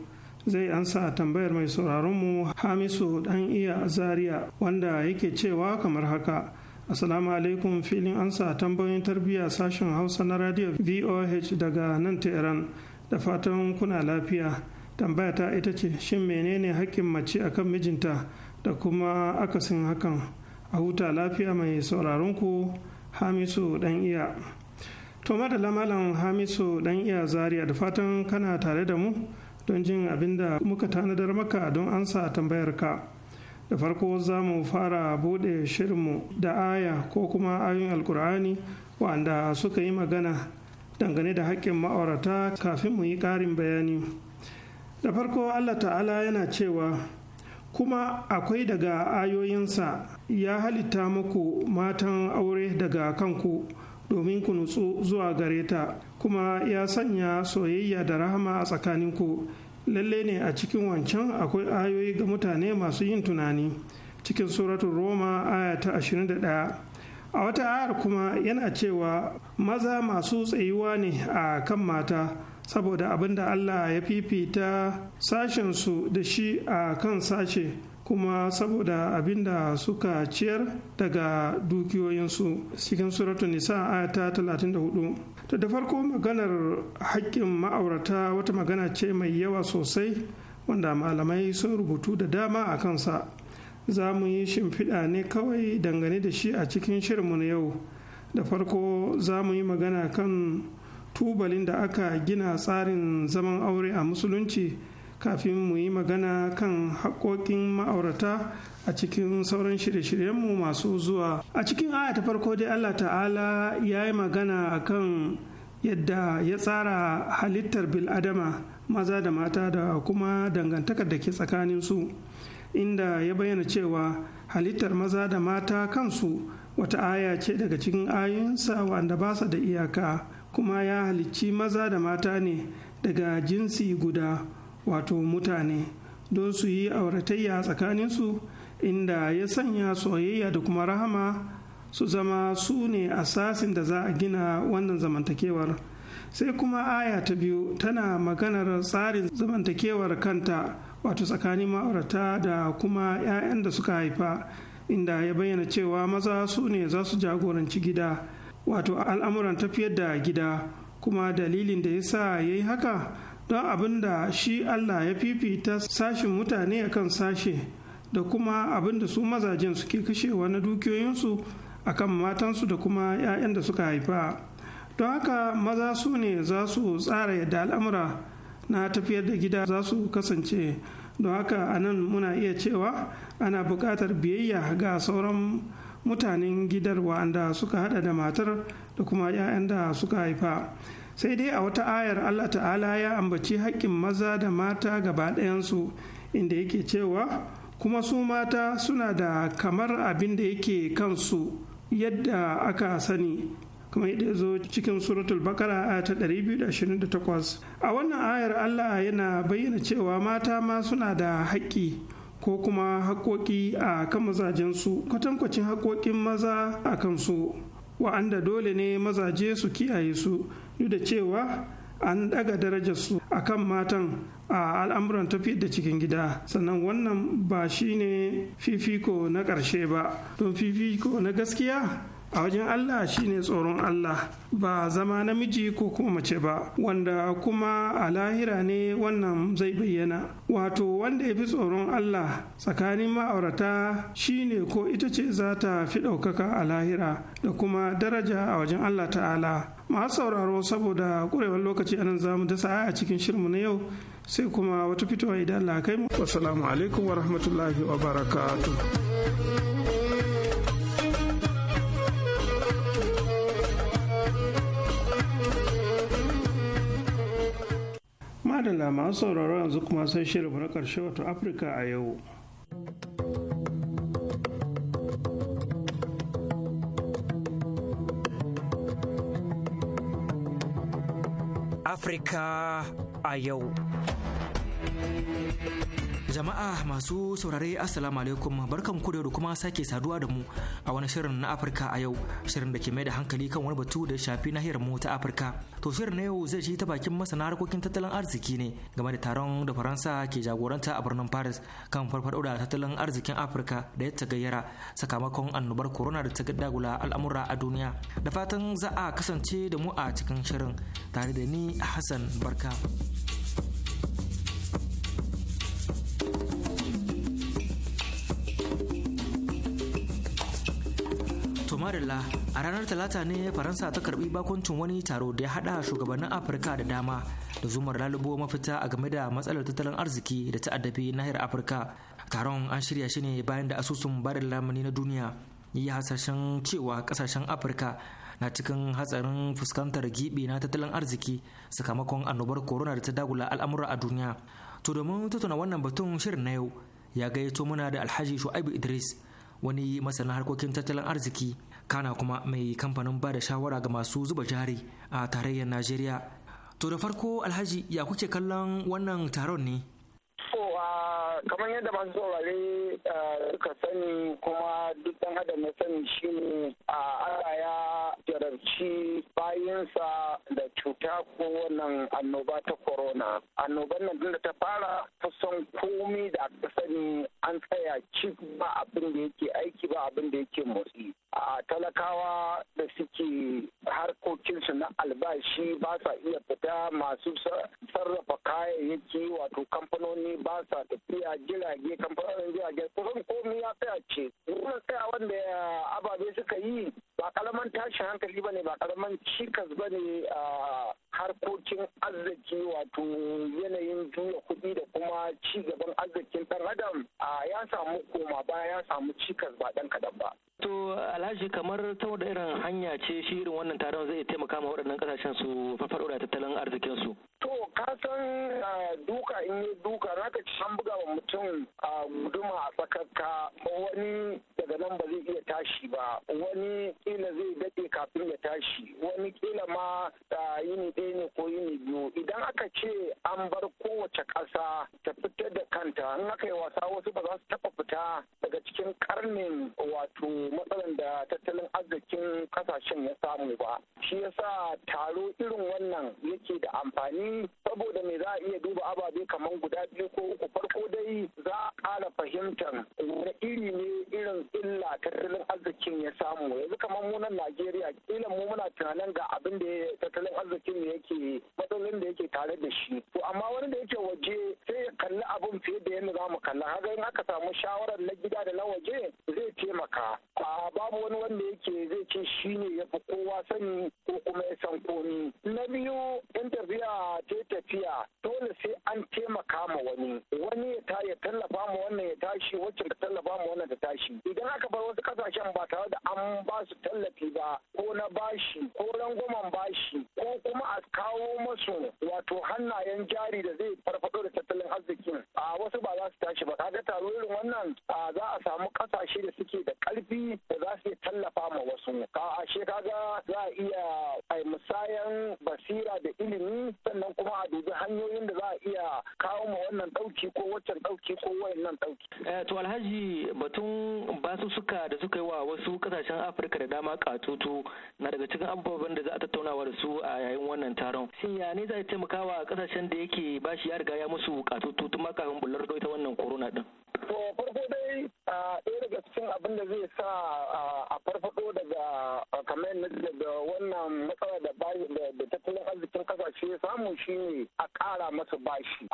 zai ansa tambayar mai sauraronmu hamisu dan iya zaria wanda yake cewa kamar haka Assalamu alaikum filin ansa tambayoyin tarbiyya sashen Hausa na radio VOH daga nan Tehran da fatan kuna lafiya. Tambaya ta ita ce shin menene hakkin mace akan mijinta da kuma akasin hakan a huta lafiya mai sauraron ku Hamisu dan iya. To madalla lamalan Hamisu dan iya zaria da fatan kana tare da mu don jin abin da muka tanadar maka don ansa tambayar ka da farko za mu fara bude shirinmu da aya ko kuma ayoyin alkur'ani wanda suka yi magana dangane da haƙƙin ma'aurata kafin mu yi ƙarin bayani da farko allah ta'ala yana cewa kuma akwai daga ayoyinsa ya halitta muku matan aure daga kanku domin ku nutsu zuwa gare ta kuma ya sanya soyayya da rahama a tsakanin ku lalle ne a cikin wancan akwai ayoyi ga mutane masu yin tunani cikin suratun roma aya ta 21 a wata ayar kuma yana cewa maza masu tsayuwa ne a kan mata saboda abin da allah ya fifita sashensu da shi a kan sashe kuma saboda abin da suka ciyar daga dukiyoyinsu cikin suratun nisa aya ta 34 ta da farko maganar haƙƙin ma'aurata wata magana ce mai yawa sosai wanda malamai sun rubutu da dama a kansa za mu yi shimfiɗa ne kawai dangane da shi a cikin shirinmu na yau da farko za mu yi magana kan tubalin da aka gina tsarin zaman aure a musulunci kafin mu yi magana kan haƙoƙin ma'aurata a cikin sauran shirye-shiryenmu masu zuwa a cikin aya ta farko dai allah ta'ala ya yi magana akan yadda ya tsara halittar bil'adama maza da mata da kuma dangantakar da ke tsakanin su inda ya bayyana cewa halittar maza da mata kansu wata aya ce daga cikin ayunsa, wanda ba sa da iyaka kuma ya halicci maza da mata ne daga jinsi guda wato mutane don su yi auratayya tsakaninsu inda ya sanya soyayya da kuma rahama su zama su ne asasin da za a gina wannan zamantakewar sai kuma aya ta biyu tana maganar tsarin zamantakewar kanta wato tsakanin ma'aurata da kuma 'ya'yan da suka haifa inda ya bayyana cewa maza su ne za su jagoranci gida wato al'amuran tafiyar da gida kuma dalilin da ya sa ya yi haka don abin da shi allah ya fifita sashin mutane akan sashe da kuma abin da su mazajen suke kashewa na dukiyoyinsu a kan matansu da kuma 'ya'yan da suka haifa don haka maza su ne za su tsara yadda al'amura na tafiyar da gida za su kasance don haka a nan muna iya cewa ana buƙatar biyayya ga sauran mutanen gidar wa'anda suka hada da matar da kuma 'ya'yan da suka haifa sai dai a wata ayar allah ta'ala ya ambaci haƙƙin maza da mata gaba ɗayansu inda yake cewa kuma su mata suna da kamar abin da yake kansu yadda aka sani Kuma yadda zo cikin suratul bakara a ta 228 a wannan ayar allah yana bayyana cewa mata ma suna da haƙƙi ko kuma haƙoƙi a kan mazajensu kwatankwacin haƙoƙin maza a kansu wa'anda dole ne mazaje su kiyaye su duk da cewa an daga darajarsu a kan matan a al'amuran tafi da cikin gida sannan wannan ba shine fifiko na ƙarshe ba don fifiko na gaskiya a wajen Allah shine tsoron Allah ba zama namiji ko kuma mace ba wanda kuma a lahira ne wannan zai bayyana wato wanda ya fi tsoron Allah tsakanin ma'aurata shine ko ita ce za ta fi ɗaukaka a lahira da kuma daraja a wajen Allah ta'ala masu sauraro saboda ƙurewar lokaci a nan zamu dasa a cikin shirmu na yau sai kuma wata fitowa idan Allah kai mu assalamu alaikum wa rahmatullahi wa barakatuh madalla masu sauraro yanzu kuma sai shirin na karshe wato afirka a yau afirka a yau Jama'a masu saurare Assalamu alaikum barkan ku da kuma sake saduwa da mu a wani shirin na Afirka a yau shirin da ke mai da hankali kan wani batu da shafi nahiyar mu ta Afirka. To shirin na yau zai ci ta bakin masana harkokin tattalin arziki ne game da taron da Faransa ke jagoranta a birnin Paris kan farfado da tattalin arzikin Afirka da ya tagayyara sakamakon annobar corona da ta dagula al'amura a duniya. Da fatan za a kasance da mu a cikin shirin tare da ni Hassan Barka. marilla a ranar Talata ne Faransa ta karbi bakuncin wani taro da ya hada shugabannin Afirka da dama da zumar lalubo mafita a game da matsalar tattalin arziki da ta'addabi nahiyar Afirka. Taron an shirya shi ne bayan da asusun da lamuni na duniya yi hasashen cewa kasashen Afirka na cikin hatsarin fuskantar gibi na tattalin arziki sakamakon annobar corona da ta dagula al'amura a duniya. To domin tattauna wannan batun shirin na yau ya gayyato muna da Alhaji Shu'aibu Idris wani masana harkokin tattalin arziki kana kuma mai kamfanin ba da shawara ga masu zuba jari a tarayyar najeriya to da farko alhaji ya kuke kallon wannan taron ne kamar yadda masu saurare eh, suka sani kuma duk ɗan adam ya sani shi ne a Allah ya jarabci bayansa da cuta ko wannan annoba ta corona annoban nan tun da ta fara kusan komi da aka sani an tsaya ci ba abin da yake aiki ba abin da yake motsi a talakawa da suke harkokinsu na albashi ba sa iya fita masu sarrafa kayayyaki wato kamfanoni ba sa tafiya jirage kamfanonin jirage kusan komi ya tsaya ce wurin tsaya wanda eh, ababe suka yi ba kalaman tashin hankali ba ne ba kalaman cikas ba ne a harkokin arziki wato yanayin juya kuɗi da kuma ci gaban arzikin ɗan adam ya samu koma baya ya samu cikas ba dan kaɗan ba. To Alhaji kamar ta irin hanya ce shi irin wannan taron zai taimaka ma waɗannan kasashen su farfaɗo da tattalin arzikin su. To ka san duka in yi duka na ci an buga wa mutum a guduma a tsakaka wani daga nan ba zai iya tashi ba wani kila zai daɗe kafin ya tashi wani kila ma yini ɗaya ne ko yini biyu idan aka ce an bar kowace ƙasa ta fitar da kanta in aka yi wasa wasu ba za su taɓa fita daga cikin karnin wato matsalan da tattalin arzikin ƙasashen ya samu ba shi yasa taro irin wannan yake da amfani saboda me za a iya duba ababe kamar guda biyu ko uku farko dai za a ƙara fahimtar wani iri ne irin illa tattalin arzikin ya samu yanzu kamar musamman Najeriya kila mu muna tunanin ga abin da tattalin arzikin mu yake matsalolin da yake tare da shi to amma wani da yake dawa mu haka in aka samu shawarar na gida da na waje zai taimaka a babu wani wanda yake zai ce shi ne ya fi kowa sani ko kuma ya san komi na biyu in tafiya ta tafiya dole sai an taimaka ma wani wani ya ta ya tallafa ma wannan ya tashi wacce ta tallafa ma wannan ta tashi idan aka bar wasu kasashen ba tare da an ba su tallafi ba ko na bashi ko rangwamen bashi ko kuma a kawo masu wato hannayen jari da zai farfado da tattalin arzikin a wasu ba za tashi ba kaga taro irin wannan a za a samu kasashe da suke da karfi da za su iya tallafa ma wasu ka she kaga za a iya ai musayan basira da ilimi sannan kuma a dubi hanyoyin da za a iya kawo ma wannan dauki ko waccan dauki ko wayannan dauki eh, to alhaji batun basussuka da suka yi wa wasu kasashen afirka da dama katutu na daga cikin abubuwan da za a tattaunawa da su a yayin wannan taron shin ya ne za a taimaka wa kasashen da yake bashi ya riga ya musu katutu tun ma kafin bullar ita wannan wannan corona din To farko dai ɗaya daga cikin abin da zai sa a farfado daga kamar daga wannan matsala da da tattalin arzikin kasashe samun shi ne a ƙara masa bashi.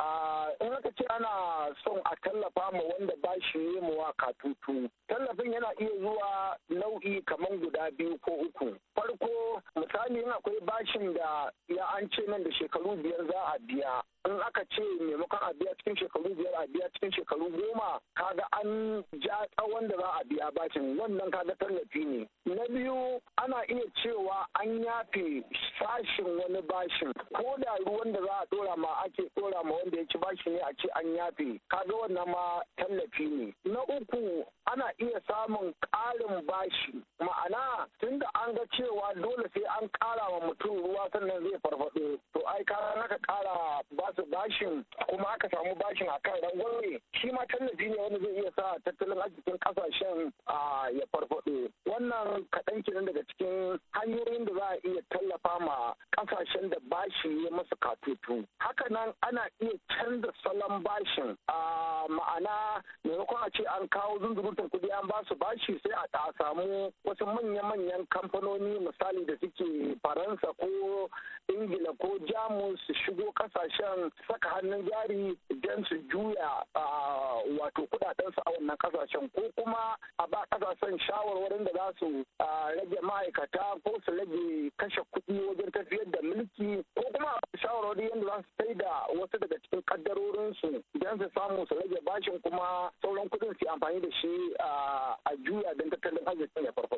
In aka ce ana son a tallafa ma wanda bashi ne mu wa katutu. Tallafin yana iya zuwa nau'i kamar guda biyu ko uku. Farko misali in akwai bashin da ya an ce nan da shekaru biyar za a biya. In aka ce maimakon a biya cikin shekaru biyar a biya cikin shekaru goma kaga an ja tsawon da za a biya bashin wannan kaga tallafi ne na biyu ana iya cewa an yafe sashin wani bashin ko da ruwan da za a dora ma ake dora ma wanda ya ci bashi ne a ce an yafe kaga wannan ma tallafi ne na uku ana iya samun ƙarin bashi ma'ana tunda an ga cewa dole sai an ƙara wa mutum ruwa sannan zai farfaɗo ai ka aka kara ba su bashin kuma aka samu bashin a kan rangwame shi ma tallafi ne wanda zai iya sa tattalin arzikin kasashen ya farfaɗo wannan kaɗan kenan daga cikin hanyoyin da za a iya tallafa ma kasashen da bashi ya masa katutu Haka nan ana iya canza salon bashin a ma'ana maimakon a ce an kawo zunzurutun kuɗi an ba su bashi sai a samu wasu manya-manyan kamfanoni misali da suke faransa ko ingila ko jamus su shigo kasashen saka hannun jari don su juya wato kudadensu a wannan kasashen ko kuma a ba kasashen shawarwarin da za su rage ma'aikata ko su rage kashe kuɗi wajen tafiyar da mulki ko kuma a shawarwari yadda za su sai da wasu daga cikin kaddarorinsu don su samu su rage bashin kuma sauran kuɗin su amfani da shi a juya don tattalin arzikin ya farko.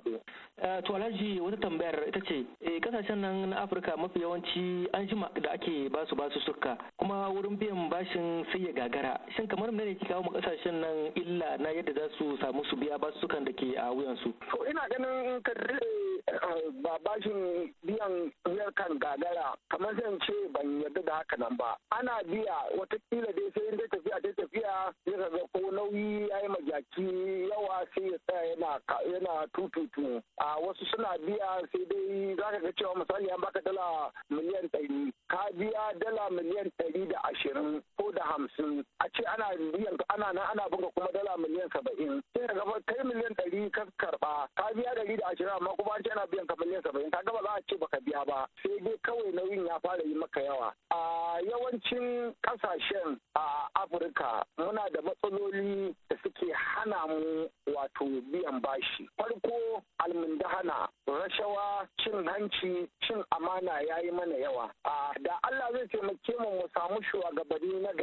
Eh, to alhaji wata tambayar ita ce eh, kasashen nan na afirka mafi yawanci an jima da ake basu basu suka kuma wurin biyan bashin sai ya gagara shin kamar mene ke kawo kasashen nan illa na yadda za su samu su biya basu sukan da ke a wuyansu. to ina ganin ka eh, ba bashin biyan biyar kan gagara kamar zan ce ban yarda da haka nan ba ana biya watakila dai sai dai tafiya dai tafiya ya ga ko nauyi ya yi majaki yawa sai ya tsaya yana tututu a ah, wasu suna biya sai dai za ka ga cewa misali an baka dala miliyan ɗari ka biya dala miliyan ɗari da ashirin ko da hamsin a ce ana biyan ana nan ana buga kuma dala miliyan saba'in sai daga kai miliyan ɗari ka karɓa ka biya ɗari da ashirin amma kuma an ce ana biyan ka miliyan saba'in ka gaba za a ce baka biya ba sai dai kawai nauyin ya fara yi maka yawa a yawancin ƙasashen a afirka muna da matsaloli da suke hana mu wato biyan bashi farko almundahana rashawa cin hanci cin amana ya yi mana yawa da Allah zai taimake mu mu samu shugabanni na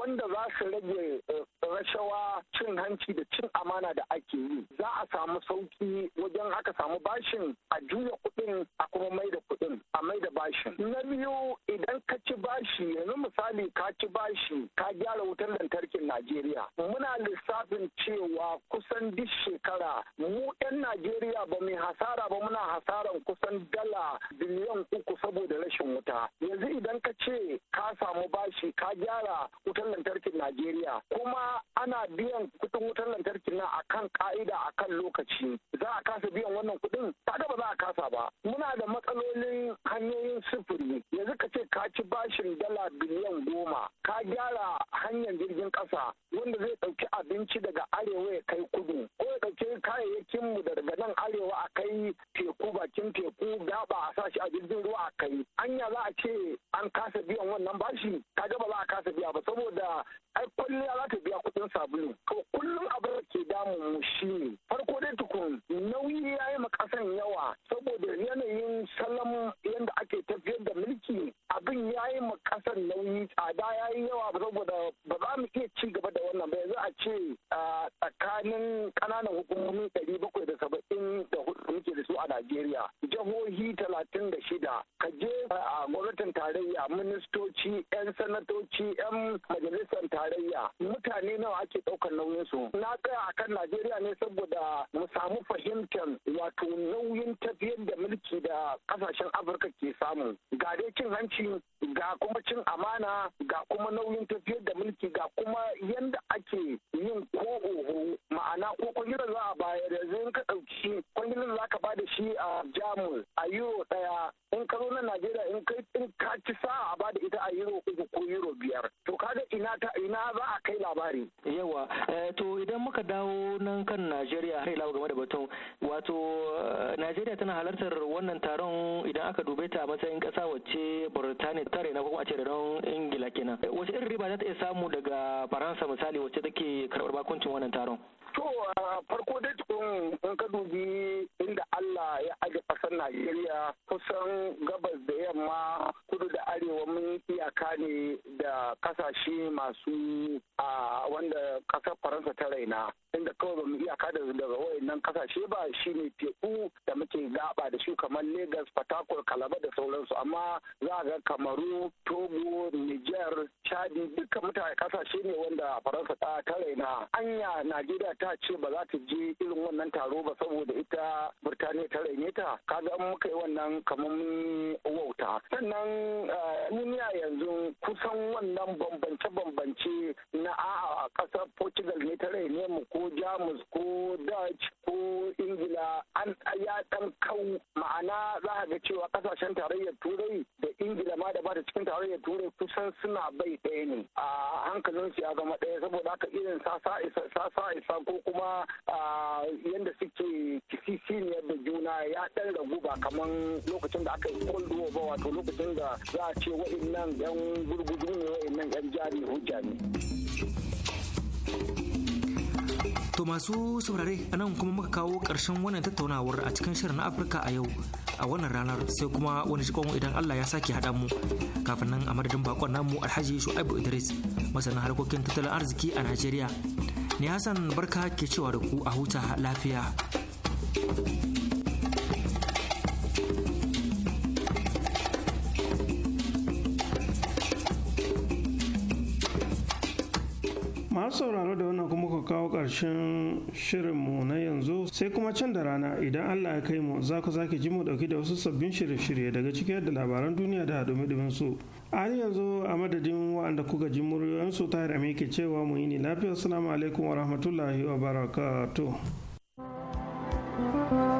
wanda za su rage eh, rashawa cin hanci da cin amana da ake yi za a samu sauki wajen aka samu bashin a juya kuɗin a kuma mai da kuɗin a mai da bashin na biyu idan ka ci bashi yanzu misali ka ci bashi ka gyara wutar lantarkin najeriya muna lissafin cewa kusan duk shekara mu 'yan najeriya ba mai hasara ba muna hasaran kusan dala biliyan uku saboda rashin wuta yanzu idan ka ce ka samu bashi ka gyara wutar lantarkin najeriya kuma ana biyan kudin wutar lantarki nan akan ka'ida akan lokaci za a kasa biyan wannan kuɗin kaga ba za a kasa ba muna da matsalolin hanyoyin sufuri yanzu ka ce ka ci bashin dala biliyan goma ka gyara hanyar jirgin ƙasa wanda zai ɗauki abinci daga arewa ya kai kudu ko ya ɗauki kayayyakin mu daga nan arewa a kai teku bakin teku gaba a sashi a jirgin ruwa a kai anya za a ce an kasa biyan wannan bashi kaga ba za a kasa biya ba saboda ai kwalliya za ta biya kuɗin sabulu to kullum abin da ke damun mu shi ne. farko dai tukun nauyi ya yi maƙasan yawa saboda yanayin salon yadda ake tafiyar da mulki abin ya yi ma kasar nauyi tsada ya yi yawa saboda ba za mu iya ci gaba da wannan ba yanzu a ce a tsakanin ƙananan hukumomi ɗari bakwai da saba'in da hudu muke da su a Najeriya jihohi talatin da shida ka je a gwamnatin tarayya ministoci 'yan sanatoci 'yan majalisar tarayya mutane nawa ake ɗaukar nauyin su na tsaya kan Najeriya ne saboda mu samu fahimtar wato nauyin tafiyar da mulki da kasashen Afirka ke samu ga dai cin hanci mulki ga kuma cin amana ga kuma nauyin tafiyar da mulki ga kuma yadda ake yin ko oho ma'ana ko kwangilar za a bayar yanzu ka ɗauki kwangilar za ka ba da shi a jamus a euro ɗaya in ka zo na najeriya in ka in ka ci sa'a a ba da ita a euro uku ko euro biyar to kaga ina ta ina za a kai labari yawa eh, to idan muka dawo nan kan najeriya har ila game da batun wato eh, najeriya tana halartar wannan taron idan aka dube ta a matsayin ƙasa wacce Birtaniya ta raina ko a ce renon Ingila kenan. Wace irin riba za ta iya samu daga Faransa misali wacce take karɓar bakuncin wannan taron? To farko dai tukun in ka dubi inda Allah ya aje ƙasar Najeriya kusan gabas da yamma kudu da arewa mun iyaka ne da ƙasashe masu a wanda ƙasar Faransa ta raina. Inda kawai ba mu iyaka da daga wayannan kasashe ba shine teku da muke gaba da shi kamar Legas, Fatakur, Kalaba da sauransu amma za ga Kamaru, Togo, Niger, Chadi duka mutane kasashe ne wanda Faransa ta raina. Anya Najeriya ta ce ba za ta je irin wannan taro ba saboda ita Birtaniya ta raine ta kaga an muka yi wannan kamar wauta sannan eh, duniya yanzu kusan wannan bambance-bambance na a ƙasar Portugal ne ta raine mu ko Jamus ko Dutch ko Ingila an ya dan kau ma'ana za ga cewa kasashen tarayyar Turai da Ingila ma da ba cikin tarayyar Turai kusan suna bai ɗaya ne a hankalin su ya zama ɗaya saboda haka irin sa sa sasa isa ko kuma yadda suke kisisiniyar da juna ya ɗan ragu ba kamar lokacin da aka yi cold ba wato lokacin da za a ce nan yan gurgudu ne nan yan jari hujja ne. To masu saurare anan kuma muka kawo ƙarshen wannan tattaunawar a cikin shirin na Afirka a yau a wannan ranar sai kuma wani shi idan Allah ya sake haɗa mu kafin nan a madadin bakon namu Alhaji Shu'aibu Idris masanin harkokin tattalin arziki a Najeriya ni hassan barka ke cewa da ku a huta lafiya sauraro da wannan kuma ka kawo ƙarshen shirinmu na yanzu sai kuma can da rana idan Allah ya kai mu za ku zaki ji mu ɗauki da wasu sabbin shirye-shirye daga cike da labaran duniya da dumi su. A yanzu a madadin wa'anda kuka ji muryoyinsu ta hira ke cewa mu yi ni lafiya. Assalamu alaikum wa rahmatullahi wa barakatuh.